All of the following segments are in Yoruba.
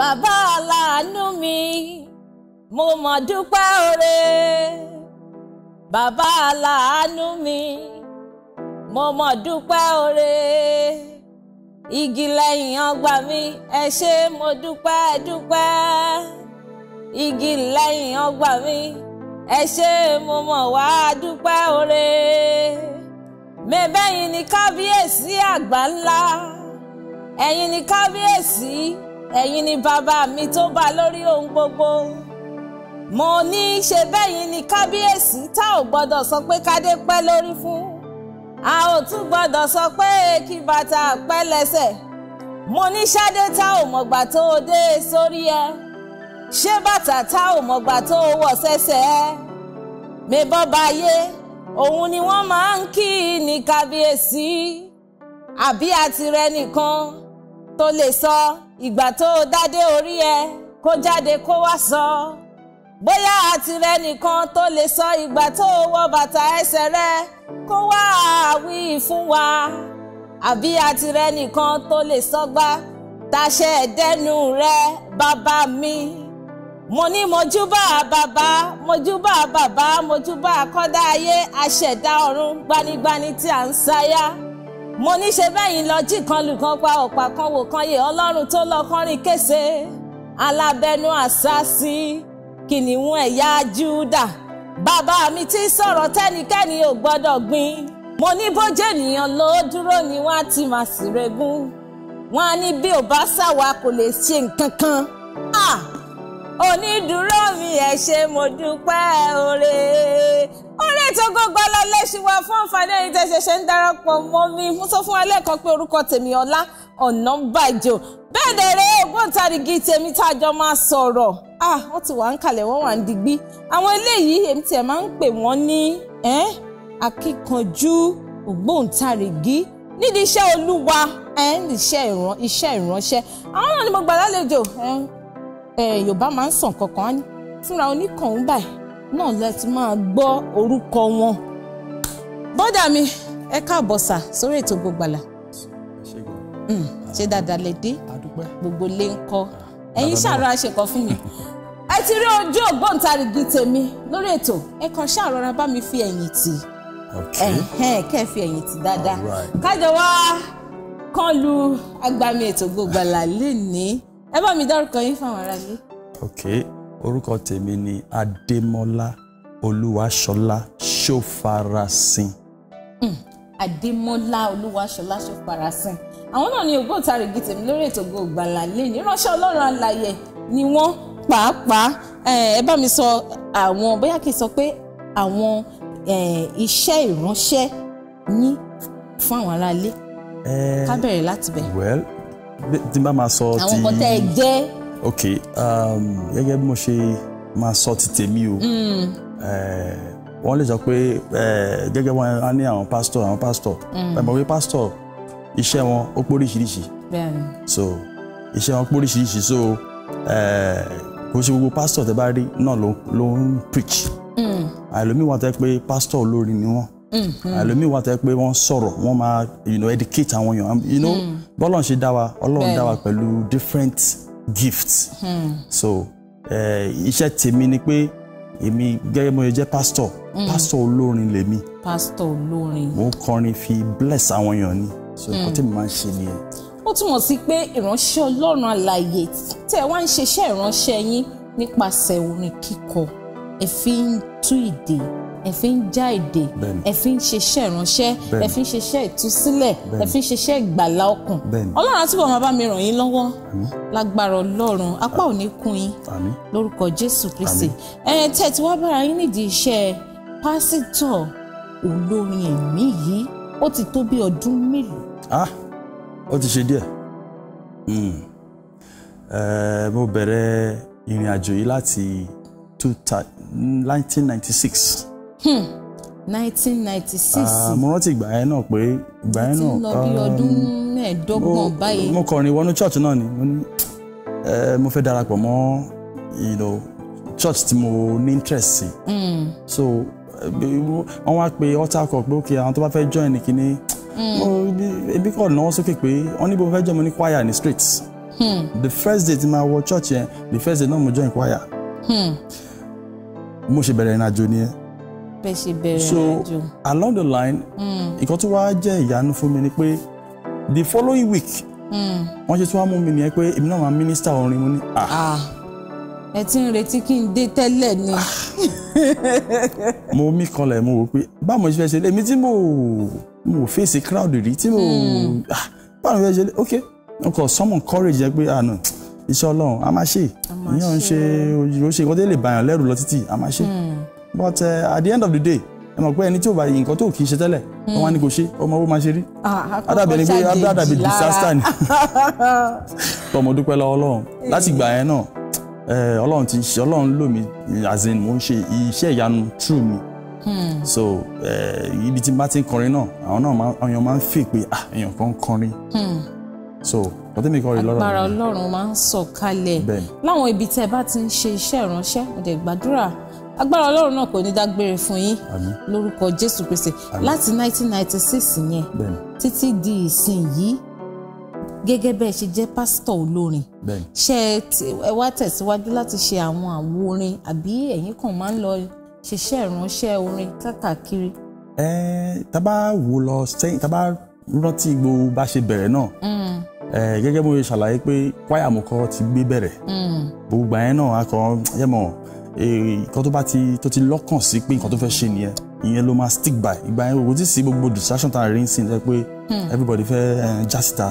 bàbá aláàánú mi mo mọ̀ dúpẹ́ oore bàbá aláàánú mi mo mọ̀ dúpẹ́ oore igi lẹ́yìn ọgbà mi ẹ ṣé mo dúpẹ́ dúpẹ́ igi lẹ́yìn ọgbà mi ẹ ṣé mo mọ̀ wá dúpẹ́ oore mẹ́bẹ́yìn ni kábíyèsí àgbà ńlá ẹ̀yin ni kábíyèsí. Si ẹ̀yin ni bàbá mi tó bá lórí ohun gbogbo mo ní í ṣe bẹ́yìn ni kábíyèsí tá ò gbọ́dọ̀ sọ pé kádé pẹ́ lórí fún a ò tún gbọ́dọ̀ sọ pé kí bàtà pẹ́ lẹ́sẹ̀ mo ní ṣádé tá ò mọ̀gbà tó o dé sórí ẹ ṣé bàtà tá ò mọ̀gbà tó o wọ̀ sẹ́sẹ̀ ẹ mébọ́ba ayé òun ni wọ́n máa ń kí ní kábíyèsí àbí àtirẹ nìkan tó lè sọ. So ìgbà tó o dádé orí ẹ kó jáde kó wá sọ bóyá àtìrẹ nìkan tó lè sọ ìgbà tó o wọ bàtà ẹsẹ̀ rẹ kó wá àwí fún wa àbí àtìrẹ nìkan tó lè sọgbà tàṣẹ ẹdẹnu rẹ bàbá mi mo ní mojúbà bàbá mojúbà bàbá mojúbà kọ́dá ayé àṣẹ̀dá ọ̀run gbanigbani tí à ń sáyà mo ní ṣe bẹ́yìn lọ jí kan lù kan pa ọ̀pá kan wò kan yè ọlọ́run tó lọ kán rìn kése alábẹ́nu àṣàṣì kìnìún ẹ̀yà Júdà bàbá mi ti sọ̀rọ̀ tẹ́nikẹ́ni ò gbọ́dọ̀ gbin mo ní bójú ènìyàn ló dúró ni wọ́n á ti mà sí regún wọ́n á ní bí ò bá ṣàwà kò lè ṣe nǹkan kan onídùúró mi ẹ ṣé mo dúpẹ́ oore Ògo Ìgbàlà lẹ́ṣin wa fún àǹfààní ẹ̀yin tẹ́ ṣẹ̀ṣẹ̀ ń darapọ̀ mọ́ mi mo sọ fún wa lẹ́ẹ̀kan pé orúkọ tèmi Ọlá Ọ̀nàbàjò bẹ́ẹ̀ dẹ̀ rẹ́ ògbóǹtarìgì tèmi tá máa sọ̀rọ̀ ah wọ́n ti wà ń kalẹ̀ wọ́n wà ń digbí àwọn eléyìí èmi tiẹ̀ máa ń pè wọ́n ní akíkanjú ògbóǹtarìgì nídìí iṣẹ́ Olúwa iṣẹ́ ìran iṣẹ́ ìránṣẹ́ àwọn náà ni mo gbà lálejò Yorùbá máa ń sàn kankan fúnra oníkànnú báyìí náà lẹ ti máa gbọ́ orúkọ wọn. bọ́dà mi ẹ káàbọ̀ sà sórí ètò Ògo Ìgbàlà hmm, ṣé dáadáa lè dé gbogbo lè ń kọ́ ah, ẹ̀yin ṣàrọ̀ àṣekọ̀ fún mi ẹ ti rí ojú ògbóǹtarìgì tèmi lórí ètò ẹ kàn ṣàrọra bá mi fi ẹ̀yìn tì kẹ́ ẹ fi ẹ̀yìn tì dáadáa kájọ wá kán lu agbami ètò Ògo Ìgbàlà lẹ́nìí ẹ bá mi dárúkọ yín fáwọn aráàlú orúkọ tèmi ni adémọ́lá olúwaṣọlá ṣòfarasin. Mm. adémọ́lá olúwaṣọlá ṣòfarasin àwọn náà ni ògbóǹtarìgì tèmi lórí ètò Ògo Ìgbàlà lẹ́yìn ìránṣẹ́ ọlọ́run alààyè ni wọ́n pàápàá ẹ bá mi sọ àwọn bóyá kì í sọ pé àwọn iṣẹ́ ìránṣẹ́ ní fún àwọn aráalé ká bẹ̀rẹ̀ láti bẹ̀. well tí n bá máa sọ ti àwọn ọkọ tẹ ẹ jẹ́ ok um, gẹ́gẹ́ bí mo ṣe máa sọ ti tèmi o hmm. eh, wọ́n lè sọ pé eh, gẹ́gẹ́ wọn á ní àwọn pásítọ̀ àwọn pásítọ̀ hmm. ẹ mọ̀ pé pásítọ̀ iṣẹ́ wọn ó póríṣiríṣi so iṣẹ́ wọn póríṣiríṣi so eh, kò ṣe gbogbo pásítọ̀ tẹ́ bá rí náà ló ń preach hmm. àìlómìí wà tẹ́ pé pastor olórin ni wọ́n àìlómìí wà tẹ́ pé wọ́n sọ̀rọ̀ wọ́n máa you know educate àwọn èèyàn you know bọ́lọ̀ ń ṣe dá wa ọlọ́run dá wa pẹ̀lú different Gifts. Hmm. so eh, iṣẹ́ tèmi ni pé èmi gẹ́gẹ́ mo jẹ́ pastor hmm. pastor olórin lèmi. pastor olórin. mo kọrin fi bless àwọn èèyàn ni so nǹkan hmm. tèmi máa ń ṣe nìyẹn. ó túmọ̀ sí pé ìránṣẹ́ ọlọ́run alààyè tẹ̀ wá ń ṣiṣẹ́ ìránṣẹ́ yín nípasẹ̀ orin kíkọ ẹ fi ń tú ìdè ẹ fi ń já èdè ẹ fi ń ṣiṣẹ́ ìránṣẹ́ ẹ fi ń ṣiṣẹ́ ìtúsílẹ̀ ẹ fi ń ṣiṣẹ́ ìgbàlá ọkàn ọlọ́run àtúbọ̀ máa bá mi ràn yín lọ́wọ́ lágbára ọlọ́run apá ò ní kún yín lórúkọ jésù kristi ẹ tẹ̀tí wá bára yín nídìí iṣẹ́ pásítọ̀ olórin ẹ̀mí yìí ó ti tó bí ọdún mélòó. ah ó ti ṣe díẹ̀ hmm. mo bẹ̀rẹ̀ ìrìn àjò yìí láti to nineteen ninety six. Hmm. nineteen ninety six. Ah, mo rántí ìgbà yẹn náà pé ìgbà yẹn náà. ti lọ bí um, ọdún mẹ́ẹ̀ẹ́dọ́gbọ̀n báyìí. mo kọrin wọnú church náà ni eh, mo fẹ́ darapọ̀ mọ́ you know, church tí mo ní interest sí. Hmm. so eh, wọ́n wá pe altar call pé ok àwọn tó bá fẹ́ join kínní hmm. ebi kọ náwó sókè pé wọn níbo fẹ́ jẹ́ mo ní choir ní street. Hmm. the first day tí ma wọ church yẹn the first day náà mo join choir. Hmm mo ṣe bẹ̀rẹ̀ ìrìnàjò nìyẹn. bẹ́ẹ̀ ṣe bẹ̀rẹ̀ ìrìnàjò. so along the line hmm. nǹkan tó wá jẹ́ ìyanu fún mi ni pé the following week hmm. wọ́n ṣe tí wọ́n mú mi nìyẹn pé èmi náà máa mínísítà orin mo ní. ẹ ti ń retí kí n dé tẹ́lẹ̀ ni. mo mí kanlẹ̀ mo wò pé báwo mo ṣe fẹ́ ṣe lé mi tí mo mo fèsì crowd rí tí mo hmm. báwo mo fẹ́ ṣe lé ok n kò sọmọ courage yẹn pé ah no iṣẹ́ ọlọ́run a máa ṣe ìyẹn ń ṣe ó ṣe nǹkan tó lè bàyàn lẹ́rù lọ títì a máa ṣe hmm. but uh, at the end of the day ẹ mọ̀ pé ẹni tí ò bá nǹkan tó kì í ṣe tẹ́lẹ̀ wọ́n wá ní kò ṣe ọmọ owó máa ṣe rí ah, adàbẹ̀ ni pé adàbẹ̀ disaster ni tọmọ dúpẹ́ lọ́wọ́ ọlọ́run láti ìgbà yẹn náà eh, ọlọ́run ti ṣe ọlọ́run lò mí as in mo ń ṣe iṣẹ́ ìyanu through mi hmm. so eh, ibi tí n bá ti ń kọrin náà àwọn náà àwọn èèyàn máa ń feel pé ah èèyàn kan ń kọrin hmm so wọ́n tẹ́mi kọ́ rí lọ́rọ̀ agbára ọlọ́run máa ń sọ̀kalẹ̀ láwọn ibi tẹ́ ẹ bá ti ń ṣe iṣẹ́ ìránṣẹ́ mo dẹ̀ gbàdúrà agbára ọlọ́run náà kò ní dágbére fún yín lórúkọ jésù kristi láti 1996 yẹn títí di ìsìn yìí gẹ́gẹ́ bẹ́ẹ̀ ṣe jẹ́ pásítọ̀ olórin ṣe ẹ wá tẹ̀síwájú láti ṣe àwọn àwo orin àbí ẹ̀yin kan máa ń lọ ṣiṣẹ́ ìránṣẹ́ orin káàkiri. ẹ tá bá wò lọ sẹ́yìn tá bá rántí gbogbo bá ṣe bẹ̀rẹ̀ náà mm gẹ́gẹ́ bó ṣe ṣàlàyé pé kwaya mo kọ́ ti gbé bẹ̀rẹ̀ hmm. gbogbo àyẹn náà a kàn nǹkan tó bá ti tó ti lọ́kàn sí pé nǹkan tó fẹ́ ṣe nìyẹn ìyẹn ló máa stick by ìgbà yẹn òwò tí sí gbogbo distraction tá a rí ń sìn pé hmm. everybody fẹ́ já síta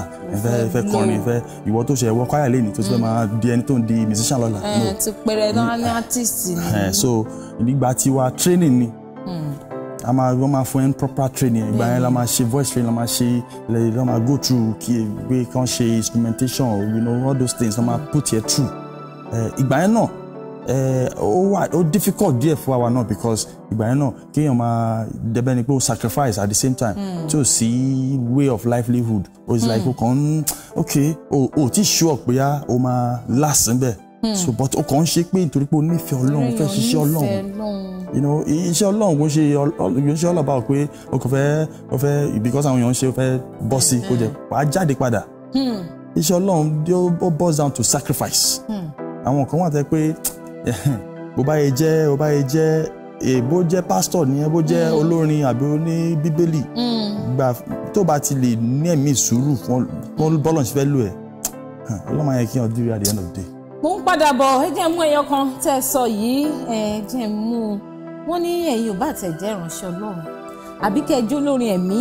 fẹ́ kọrin fẹ́ ìwọ tó ṣe ẹ̀wọ́ kwaya lẹ́ni tó ti fẹ́ hmm. máa di ẹni tó ń di musician lọ́la. Eh, ti pẹrẹ náà ní eh, artist ni. Eh, so ìgbà tiwa training ni a máa wọ́n máa fún ẹ ní proper training ìgbà yẹn la máa ṣe voice training la máa ṣe la máa go through kí pé kàn ṣe instrumentation you know all those things la máa put yẹ through eh, ìgbà yẹn náà eh, ó wà ó difficult díẹ̀ fún àwa náà because ìgbà yẹn náà kéèyàn ma débẹ̀ ni pé ó sacrifice at the same time hmm. tí ò sí way of livelihood ó is like hmm. ó kàn ń okay ó ti sure pé ó ma last níbẹ̀ hmm. so but ó kàn ń ṣe pé nítorí pé ó nífẹ̀ẹ́ Ọlọ́run fẹ́ ṣiṣẹ́ Ọlọ́run iṣẹ́ ọlọ́run kò ṣe iṣẹ́ ọlọ́ba ò pé o kò fẹ́ o fẹ́ because àwọn èèyàn ń ṣe o fẹ́ bọ́ sí kó jẹ wàá jáde padà hmm. iṣẹ́ ọlọ́run ó boils down to sacrifice hmm. àwọn kan wà tẹ́ pé bó bá yẹ jẹ́ bó bá yẹ jẹ́ èbó jẹ́ pásítọ̀ nìyẹn bó jẹ́ hmm. olórin àbí oní bíbélì gbà tó bá ti lè ní ẹ̀mí sùúrù wọn bọ́lọ̀ ṣe fẹ́ lò ẹ̀ ọlọ́mọ yẹn kí n ọdún at the end of the day. mo ń padà bọ̀ ẹ jẹ́ mú ẹyọ kan tẹ́ ẹ sọ yìí ẹ jẹ́ mú un wọ́n ní ẹ̀yin ò bá tẹ̀ jẹ́ ìránṣẹ́ ọlọ́run àbí kẹ́ ẹ jó lórin ẹ̀mí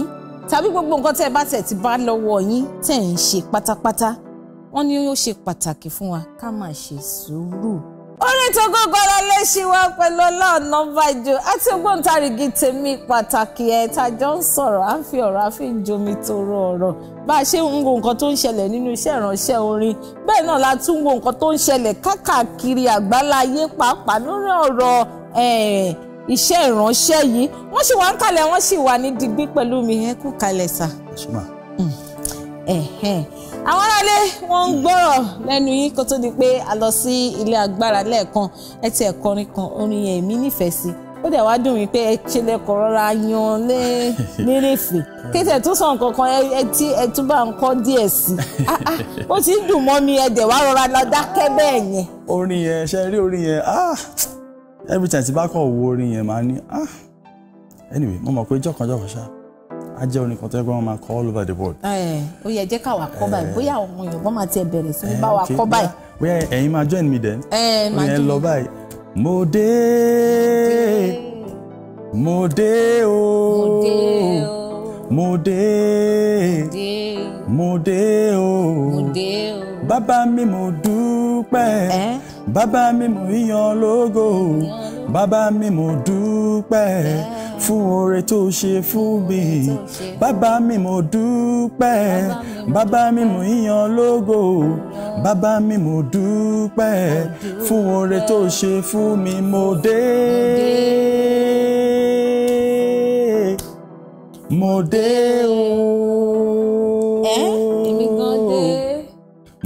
tàbí gbogbo nǹkan tẹ́ ẹ bá tẹ̀ ti bá lọ́wọ́ yín tẹ̀ ń ṣe pátápátá wọ́n ní ó ṣe pàtàkì fún wa ká máa ṣe sùúrù. orin tó gógóró lè ṣí wa pẹ̀lú ọlọ́ọ̀nà bàjọ́ àti ògbóǹtarìgì tèmi pàtàkì ẹ̀ tá a jọ ń sọ̀rọ̀ à ń fi ọ̀rọ̀ à fi jomi toro ọ̀rọ̀ bá a ṣe ń wo nǹkan tó ń ṣẹlẹ̀ nínú iṣẹ́ ìránṣẹ́ orin bẹ́ẹ̀ náà la tún wo nǹkan tó ń ṣẹlẹ̀ káàkiri àgbáláyé pàápàá lórí ọ̀rọ̀ iṣẹ́ ìránṣẹ́ yìí wọ́n sì wà ń kalẹ̀ wọ́n sì wà ní digbí pẹ̀lú mi ẹ kú kalẹ̀ sà. Hmm. àwọn aráalé wọn ń gbọ́rọ̀ lẹ́nu yín kó tó di pé a lọ sí ilé agbára lẹ́ẹ̀kan ẹ ti ẹ̀ kọrin kan orin yẹn mi nífẹ̀ẹ́ sí i ó dẹ̀ wá dùn mí pé ẹ ṣe lẹ́kọ̀ọ́ rọra yan lé nírèfè kété tó sàn kankan ẹ tí ẹ tún bá ń kọ́ díẹ̀ sí i ah, ah, ó ti dùn mọ́ mi ẹ dẹ̀ wá rọra lọ dákẹ́ bẹ́ẹ̀ yẹn. orin yẹn ṣe rí orin yẹn ah, every time tí bá kàn wo orin yẹn máa ní ah anyway mo mọ̀ pé jọ̀kanjọ̀kan ṣá á jẹ́ orin kan tó yẹ pé wọ́n máa kọ all over the world. ó yẹ jẹ́ káwa kọ́ báyìí bóyá àwọn Yorùbá máa tiẹ̀ bẹ̀rẹ̀ sí ní bá wa kọ́ báyìí. bóyá ẹ̀yin máa join me then. ẹ máa join mi lọ báyìí. mo dé mo dé o mo dé mo dé o bàbá mi mo dúró dúpẹ́ bàbá mi mo yàn lógo bàbá mi mo dúpẹ́ fún oore tó ṣe fún mi bàbá mi mo dúpẹ́ bàbá mi mo yàn lógo bàbá mi mo dúpẹ́ fún oore tó ṣe fún mi mo dé mo dé o.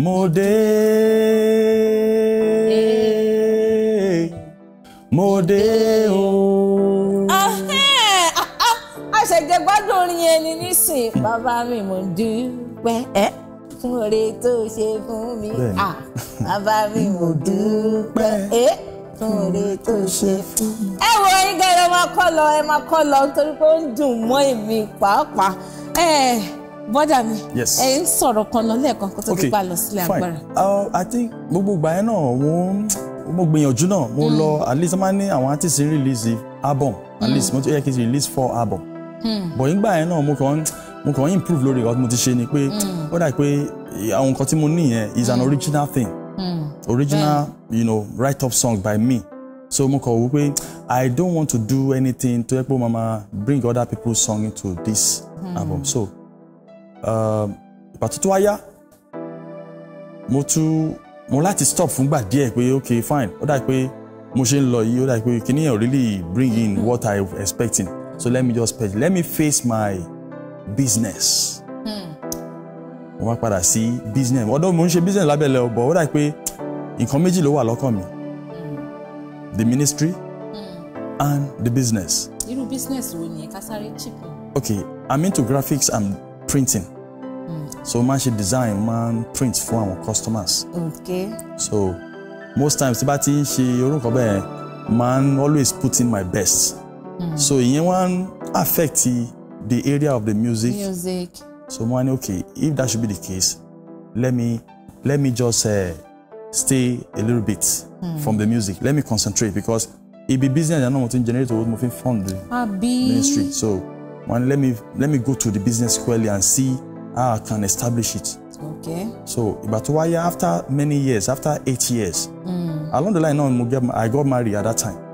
mo dé. bàbá mi mo dúpẹ́ ẹ́ fún oore tó ṣe fún mi à ah, bàbá mi mo dúpẹ́ ẹ́ fún oore tó ṣe fún mi. ẹ wo ẹ̀yin ẹ máa kọ́ lọ ẹ máa kọ́ lọ nítorí pé ó ń dùn mọ́ èmi pàápàá bọ́dà mi ẹ ń sọ̀rọ̀ kan lọ lẹ́ẹ̀kan kó tó di pa lọ sílé agbára. Uh, I think gbogbo ìgbà yẹn náà wọ́n mo gbìyànjú náà mo lọ hmm. at least máa ní àwọn artiste release album at hmm. least mo tún yẹ kí n release four album. Hmm. bọ̀ nígbà yẹn náà mo kàn ń mo kàn improve lórí nǹkan tí mo ti ṣe ni pé mm. ó dà pé àwọn nǹkan tí mo ní yẹn is an mm. original thing mm. original you know write up song by me so mo kàn wò pé I don't want to do anything to help mama bring other people's song into this album so um, ìpàtó tó wáyá mo tún mo láti stop fúngbà díẹ̀ pé ok fine ó dà pé mo ṣe ń lọ yìí ó dà pé kìnìyàn really bring in what I expecting so let me just let me face my business hmm. mo wá padà sí business ọdọ mo ń ṣe business lábẹ́lẹ̀ ọ̀bọ̀ ó dà pé nǹkan méjì ló wà lọ́kàn mi hmm. the ministry mm. and the business. irú business wo ni ẹ ká sáré chip. okay i'm into graphics and printing hmm. so man she design man print for our customers. okay. so most times tí she ti man always put in my best. Mm. so ìyẹn wá ń affect the area of the music. Music. So Mwani, okay, if that should be the case, let me let me just uh, stay a little bit hmm. from the music. Let me concentrate because it be business and not to generate what moving from the ministry. So Mwani, let me let me go to the business squarely and see how I can establish it. Okay. So but why after many years, after eight years, hmm. along the line now I got married at that time.